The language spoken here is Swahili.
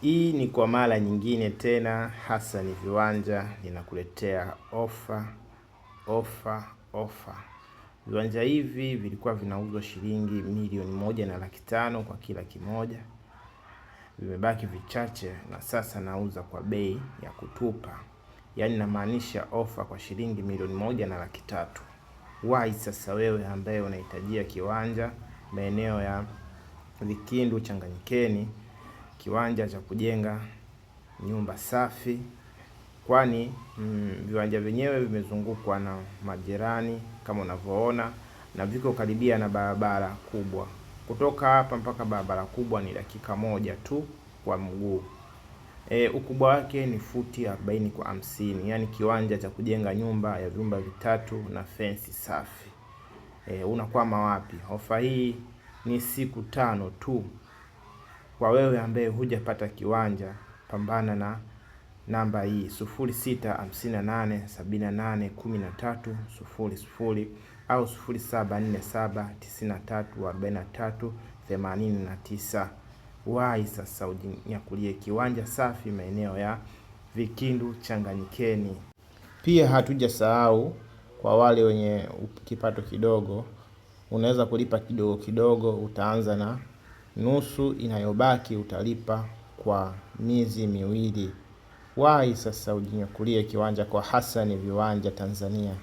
Hii ni kwa mara nyingine tena, Hassan Viwanja ninakuletea ofa, ofa, ofa. Viwanja hivi vilikuwa vinauzwa shilingi milioni moja na laki tano kwa kila kimoja, vimebaki vichache na sasa nauza kwa bei ya kutupa, yaani namaanisha ofa kwa shilingi milioni moja na laki tatu. Wai sasa wewe ambaye unahitajia kiwanja maeneo ya Vikindu Changanyikeni kiwanja cha kujenga nyumba safi, kwani mm, viwanja vyenyewe vimezungukwa na majirani kama unavyoona na viko karibia na barabara kubwa. Kutoka hapa mpaka barabara kubwa ni dakika moja tu kwa mguu. E, ukubwa wake ni futi 40 kwa 50, yaani kiwanja cha kujenga nyumba ya vyumba vitatu na fensi safi. E, unakwama wapi? Ofa hii ni siku tano tu. Kwa wewe ambaye hujapata kiwanja, pambana na namba hii 0658781300 au tisa Wahi sasa ujinyakulie kiwanja safi maeneo ya Vikindu Changanyikeni. Pia hatujasahau kwa wale wenye kipato kidogo, unaweza kulipa kidogo kidogo, utaanza na nusu inayobaki utalipa kwa miezi miwili. Wahi sasa ujinyakulie kiwanja kwa Hassan Viwanja Tanzania.